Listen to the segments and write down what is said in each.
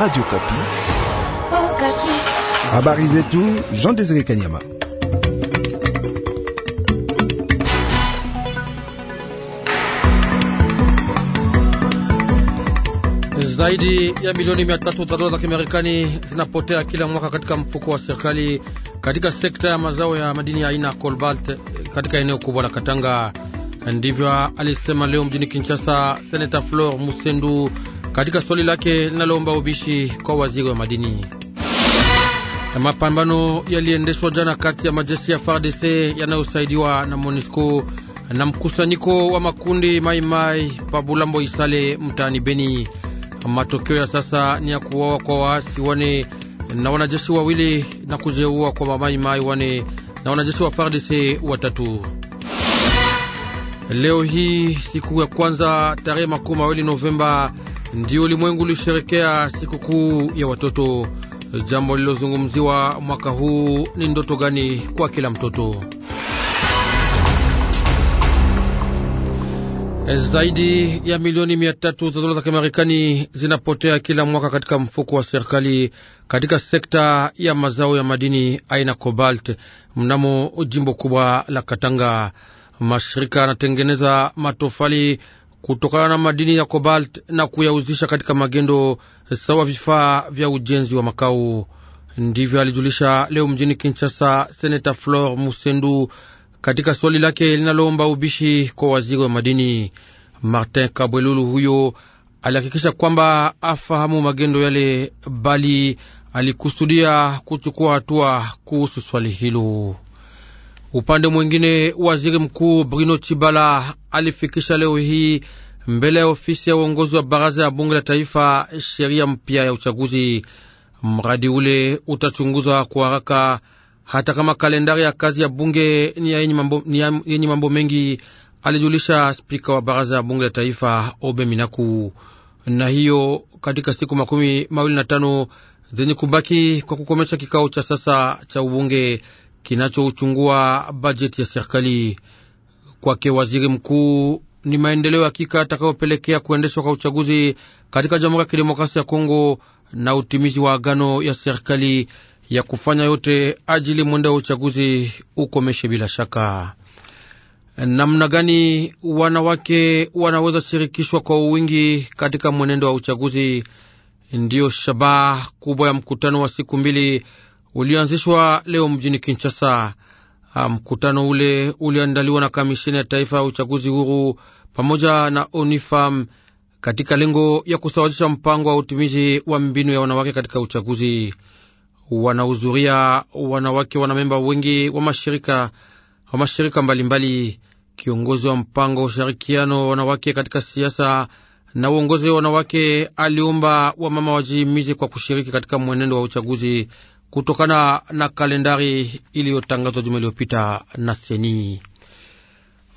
Radio oh, Kapi. Habari zetu Jean Désiré Kanyama. Zaidi ya milioni tatu za dola za Kimarekani zinapotea kila mwaka katika mfuko wa serikali katika sekta ya mazao ya madini ya aina cobalt eh, katika eneo kubwa la Katanga. Ndivyo alisema leo mjini Kinshasa Seneta Flor Musendu katika swali lake linaloomba ubishi kwa waziri wa madini. Mapambano yaliendeshwa jana kati ya majeshi ya FARDC yanayosaidiwa na MONUSCO na mkusanyiko wa makundi Maimai Pabulambo Isale mtaani Beni. Matokeo ya sasa ni ya kuwawa kwa waasi wane na wanajeshi wawili na kujeruhiwa kwa Maimai wane na wanajeshi wa FARDC watatu. Leo hii siku ya kwanza tarehe makumi mawili Novemba ndio ulimwengu ulisherekea sikukuu ya watoto. Jambo lilozungumziwa mwaka huu ni ndoto gani kwa kila mtoto. Zaidi ya milioni mia tatu za dola za Kimarekani zinapotea kila mwaka katika mfuko wa serikali katika sekta ya mazao ya madini aina cobalt mnamo jimbo kubwa la Katanga. Mashirika yanatengeneza matofali kutokana na madini ya cobalt na kuyauzisha katika magendo sawa vifaa vya ujenzi wa makao. Ndivyo alijulisha leo mjini Kinshasa seneta Flor Musendu katika swali lake linaloomba ubishi kwa waziri wa madini Martin Kabwelulu. Huyo alihakikisha kwamba afahamu magendo yale, bali alikusudia kuchukua hatua kuhusu swali hilo. Upande mwingine, waziri mkuu Bruno Chibala alifikisha leo hii mbele ya ofisi ya uongozi wa baraza ya bunge la taifa sheria mpya ya uchaguzi. Mradi ule utachunguzwa kwa haraka, hata kama kalendari ya kazi ya bunge ni yenye mambo, mambo mengi, alijulisha spika wa baraza ya bunge la taifa Obe Minaku, na hiyo katika siku makumi mawili na tano zenye kubaki kwa kukomesha kikao cha sasa cha ubunge kinachouchungua bajeti ya serikali. Kwake waziri mkuu, ni maendeleo hakika atakayopelekea kuendeshwa kwa uchaguzi katika Jamhuri ya Kidemokrasia ya Kongo na utimizi wa agano ya serikali ya kufanya yote ajili mwendo wa uchaguzi ukomeshe bila shaka. Namna gani wanawake wanaweza shirikishwa kwa uwingi katika mwenendo wa uchaguzi? Ndiyo shabaha kubwa ya mkutano wa siku mbili ulianzishwa leo mjini Kinshasa. Ah, mkutano ule uliandaliwa na kamisheni ya taifa ya uchaguzi huru pamoja na ONIFAM katika lengo ya kusawazisha mpango wa utumizi wa mbinu ya wanawake katika uchaguzi. Wanahudhuria wanawake wanamemba wengi wa mashirika wa mashirika mbalimbali. Kiongozi wa mpango wa ushirikiano wa wanawake katika siasa na uongozi wa wanawake aliomba wamama wajihimize kwa kushiriki katika mwenendo wa uchaguzi kutokana na kalendari iliyotangazwa juma iliyopita na Seni.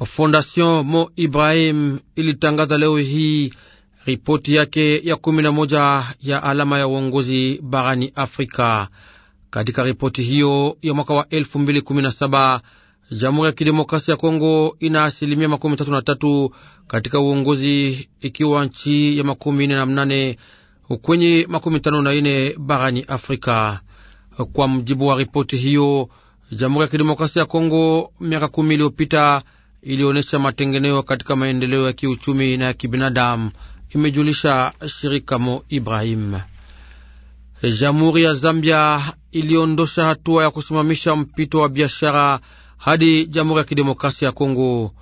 Fondation Mo Ibrahim ilitangaza leo hii ripoti yake ya kumi na moja ya alama ya uongozi barani Afrika. Katika ripoti hiyo ya mwaka wa elfu mbili kumi na saba Jamhuri ya Kidemokrasia ya Kongo ina asilimia makumi tatu na tatu katika uongozi, ikiwa nchi ya makumi nne na mnane kwenye makumi tano na nne barani Afrika. Kwa mjibu wa ripoti hiyo, Jamhuri ya Kidemokrasia ya Kongo miaka kumi iliyopita ilionyesha matengeneo katika maendeleo ya kiuchumi na ya kibinadamu, imejulisha shirika Mo Ibrahim. Jamhuri ya Zambia iliondosha hatua ya kusimamisha mpito wa biashara hadi Jamhuri ya Kidemokrasia ya Kongo.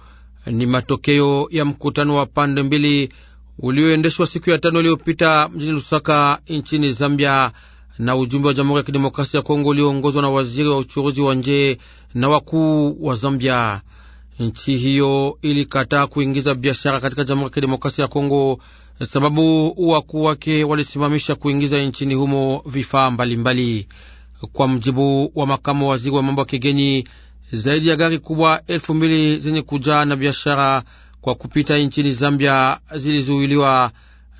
Ni matokeo ya mkutano wa pande mbili ulioendeshwa siku ya tano iliyopita mjini Lusaka nchini Zambia na ujumbe wa Jamhuri ya Kidemokrasia ya Kongo ulioongozwa na waziri wa uchuruzi wa nje na wakuu wa Zambia. Nchi hiyo ilikataa kuingiza biashara katika Jamhuri ya Kidemokrasia ya Kongo sababu wakuu wake walisimamisha kuingiza nchini humo vifaa mbalimbali. Kwa mjibu wa makamu waziri wa mambo ya kigeni, zaidi ya gari kubwa elfu mbili zenye kujaa na biashara kwa kupita nchini Zambia zilizuiliwa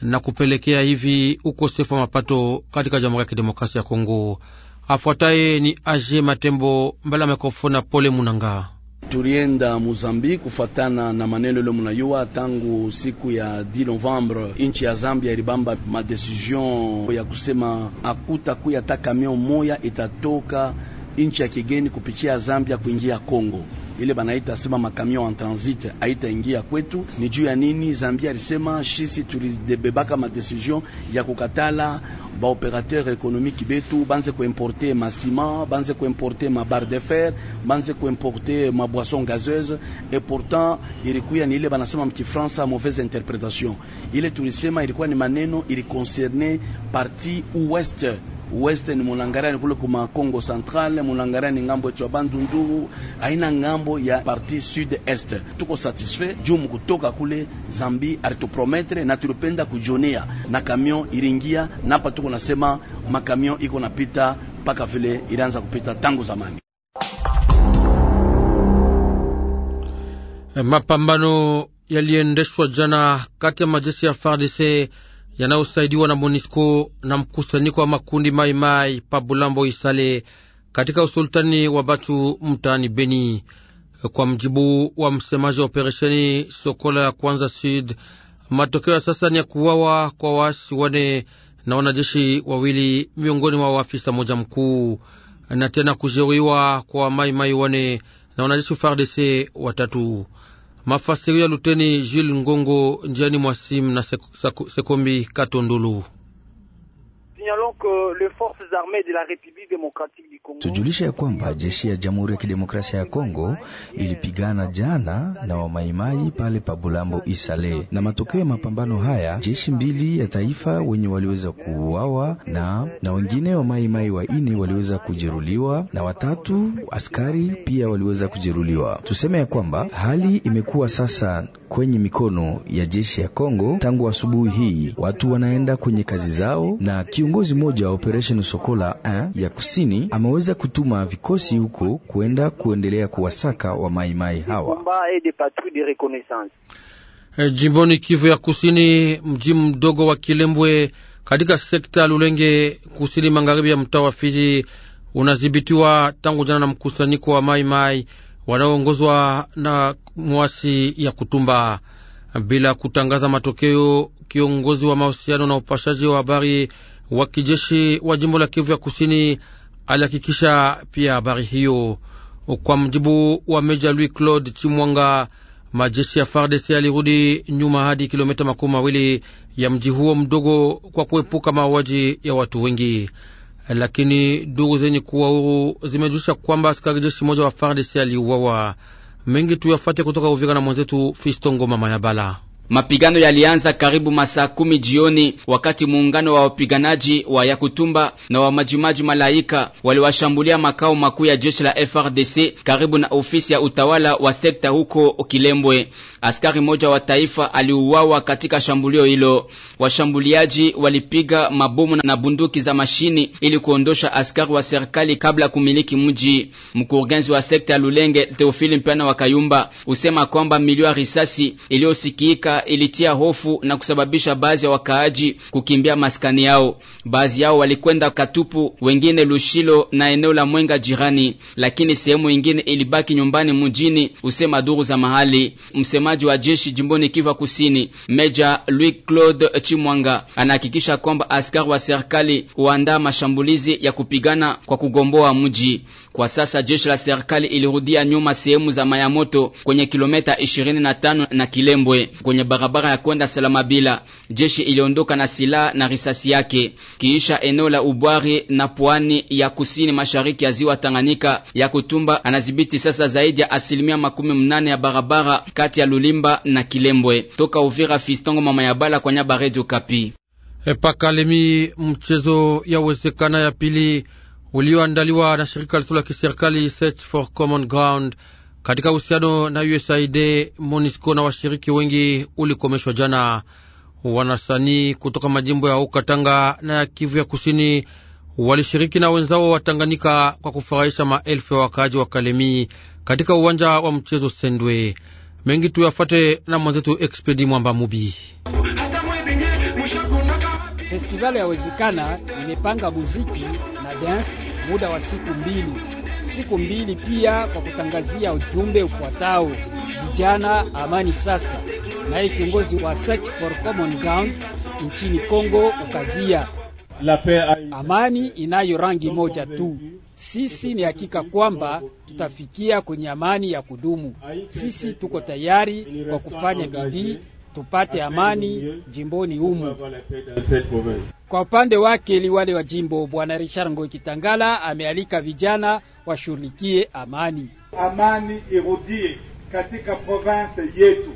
na kupelekea hivi ukosefu wa mapato katika Jamhuri ya Kidemokrasia ya Kongo. Afuataye ni Aje Matembo mbele ya mikrofona Pole Munanga. Tulienda Mozambique kufatana na maneno ile munayua, tangu siku ya 10 Novembre inchi ya Zambia ilibamba madecision ya kusema akutakuya ta kamion moya itatoka inchi ya kigeni kupitia Zambia kuingia Kongo. ile banaita sema makamio en transit ingia kwetu. Ni juu ya nini? Zambia alisema shisi tulidebebaka madecision ya kukatala baoperateur ekonomiki betu banze kuimporte masima, banze kuimporte mabar de fer, banze kuimporte maboisson gazeuse, et pourtant ilikuya ni ile banasema mkifransa mauvaise interpretation. Ile tulisema ilikuwa ni maneno iliconserne parti ouest weste ni Mulangarani kule kuma Kongo Central, Mulangarani ngambo yetu ya Bandundu, haina ngambo ya parti sud est. Tuko satisfait juu mkutoka kule Zambi alituprometre na tulipenda kujonea na kamion iringia napa, tuko nasema makamion iko napita mpaka vile ilianza kupita tangu zamani. Mapambano yaliendeshwa jana kati ya majeshi ya FARDC yanayosaidiwa na MONISCO na mkusanyiko wa makundi Maimai pa Bulambo Isale katika usultani wa Batu mtaani Beni. Kwa mjibu wa msemaji wa operesheni Sokola ya kwanza Sud, matokeo ya sasa ni ya kuwawa kwa waasi wane na wanajeshi wawili miongoni mwa waafisa moja mkuu na tena kujeruhiwa kwa maimai wane na wanajeshi FARDC watatu mafasiri ya Luteni Jules Ngongo njiani mwa simu na Sekombi Katondolo. Tujulishe ya kwamba jeshi ya Jamhuri ya Kidemokrasia ya Kongo ilipigana jana na wamaimai pale pa Bulambo Isale, na matokeo ya mapambano haya jeshi mbili ya taifa wenye waliweza kuuawa na na wengine wamaimai wa ini waliweza kujeruliwa na watatu askari pia waliweza kujeruliwa. Tuseme ya kwamba hali imekuwa sasa kwenye mikono ya jeshi ya Kongo tangu asubuhi hii, watu wanaenda kwenye kazi zao na kiungo Kiongozi mmoja wa Operation Sokola eh, ya kusini ameweza kutuma vikosi huko kuenda kuendelea kuwasaka wa maimai hawa. E, jimboni Kivu ya kusini, mji mdogo wa Kilembwe katika sekta Lulenge kusini magharibi ya mtaa wa Fizi unadhibitiwa tangu jana na mkusanyiko wa maimai wanaoongozwa na mwasi ya Kutumba. Bila kutangaza matokeo, kiongozi wa mahusiano na upashaji wa habari wa kijeshi wa jimbo la Kivu ya Kusini alihakikisha pia habari hiyo. Kwa mjibu wa Meja Louis Claude Chimwanga, majeshi ya FARDC yalirudi nyuma hadi kilomita makumi mawili ya mji huo mdogo kwa kuepuka mauaji ya watu wengi, lakini duru zenye kuwa huru zimejulisha kwamba askari jeshi moja wa FARDC aliuawa. Mengi tuyafate kutoka Uvira na mwenzetu Fistongo Mama ya bala Mapigano yalianza karibu masaa kumi jioni wakati muungano wa wapiganaji wa Yakutumba na wa Majimaji Malaika waliwashambulia makao makuu ya jeshi la FRDC karibu na ofisi ya utawala wa sekta huko Kilembwe. Askari mmoja wa taifa aliuawa katika shambulio hilo. Washambuliaji walipiga mabomu na bunduki za mashini ili kuondosha askari wa serikali kabla kumiliki mji. Mkurugenzi wa sekta ya Lulenge Theophile Mpana wa Kayumba usema kwamba milio ya risasi iliyosikika ilitia hofu na kusababisha baadhi ya wakaaji kukimbia maskani yao. Baadhi yao walikwenda Katupu, wengine Lushilo na eneo la Mwenga jirani, lakini sehemu ingine ilibaki nyumbani mjini, usema duru za mahali. Msemaji wa jeshi jimboni Kiva Kusini, Meja Louis Claude Chimwanga, anahakikisha kwamba askari wa serikali huandaa mashambulizi ya kupigana kwa kugomboa mji. Kwa sasa jeshi la serikali ilirudia nyuma sehemu za Mayamoto kwenye kilomita 25 na Kilembwe kwenye barabara ya kwenda Salamabila. Jeshi iliondoka na silaha na risasi yake kiisha eneo la Ubwari na pwani ya kusini mashariki ya ziwa Tanganyika. Ya Kutumba anadhibiti sasa zaidi ya asilimia makumi mnane ya barabara kati ya Lulimba na Kilembwe. Toka Uvira, Fistongo mama ya Bala kwa Kapi. Epakalemi mchezo ya wezekana ya pili ulioandaliwa na shirika lisilo la kiserikali Search for Common Ground katika uhusiano na USAID, MONUSCO na washiriki wengi ulikomeshwa jana. Wanasanii kutoka majimbo ya Ukatanga na ya Kivu ya Kusini walishiriki na wenzao wa Tanganyika kwa kufurahisha maelfu ya wakaaji wa Kalemi katika uwanja wa mchezo Sendwe. Mengi tuyafate na mwenzetu Expedi Mwamba Mubi. Festivali yawezekana imepanga muziki na dance muda wa siku mbili, siku mbili pia kwa kutangazia ujumbe ufuatao: vijana amani sasa. Naye kiongozi wa Search for Common Ground nchini Kongo ukazia amani inayo rangi moja tu. Sisi ni hakika kwamba tutafikia kwenye amani ya kudumu. Sisi tuko tayari kwa kufanya bidii tupate amani jimboni humu. Kwa upande wake liwali wa jimbo Bwana Richard Ngoi Kitangala amealika vijana washughulikie amani. Amani irudie katika province yetu,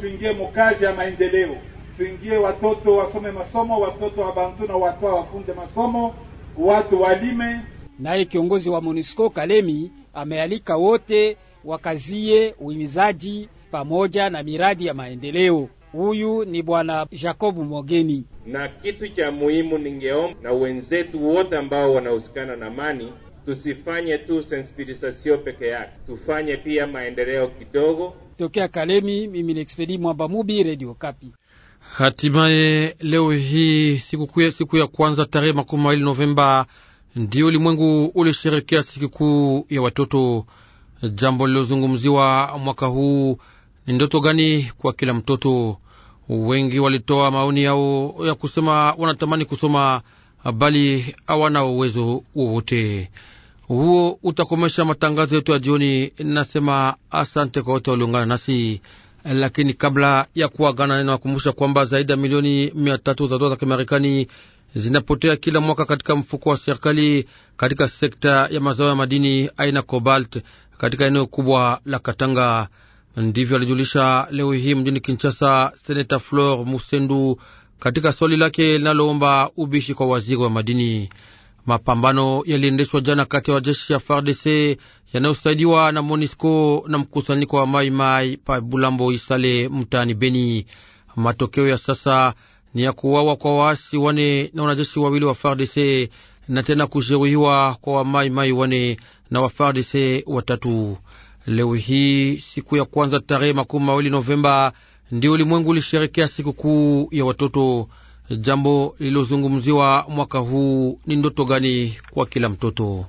tuingie mukazi ya maendeleo, tuingie watoto wasome masomo, watoto wa bantu na watu wafunde masomo, watu walime. Naye kiongozi wa MONUSCO Kalemi amealika wote wakazie uhimizaji pamoja na miradi ya maendeleo. Huyu ni bwana Jacobu Mogeni. Na kitu cha muhimu, ningeomba na wenzetu wote ambao wanahusikana na amani, tusifanye tu sensibilisasio peke yake, tufanye pia maendeleo kidogo. Tokea Kalemi, mimi ni Expedi Mwamba Mubi, Radio Kapi. Hatimaye leo hii siku, siku ya kwanza tarehe makumi mawili Novemba ndio ulimwengu ulisherekea sikukuu ya watoto, jambo lilozungumziwa mwaka huu ni ndoto gani kwa kila mtoto? Wengi walitoa maoni yao ya kusema wanatamani kusoma, bali hawana uwezo wowote. Huo utakomesha matangazo yetu ya jioni. Nasema asante kwa wote waliungana nasi, lakini kabla ya kuagana, ninawakumbusha kwamba zaidi ya milioni mia tatu za dola za Kimarekani zinapotea kila mwaka katika mfuko wa serikali katika sekta ya mazao ya madini aina cobalt katika eneo kubwa la Katanga. Ndivyo alijulisha leo hii mjini Kinshasa seneta Flor Musendu katika swali lake linaloomba ubishi kwa waziri wa madini. Mapambano yaliendeshwa jana kati ya wajeshi ya FARDC yanayosaidiwa na MONISCO na mkusanyiko wa Maimai pa Bulambo Isale mtaani Beni. Matokeo ya sasa ni ya kuwawa kwa waasi wane na wanajeshi wawili wa FARDC na tena kujeruhiwa kwa Wamaimai wane na wa FARDC watatu. Leo hii siku ya kwanza tarehe makumi mawili Novemba ndio ulimwengu ulisherekea sikukuu ya watoto. Jambo lililozungumziwa mwaka huu ni ndoto gani kwa kila mtoto?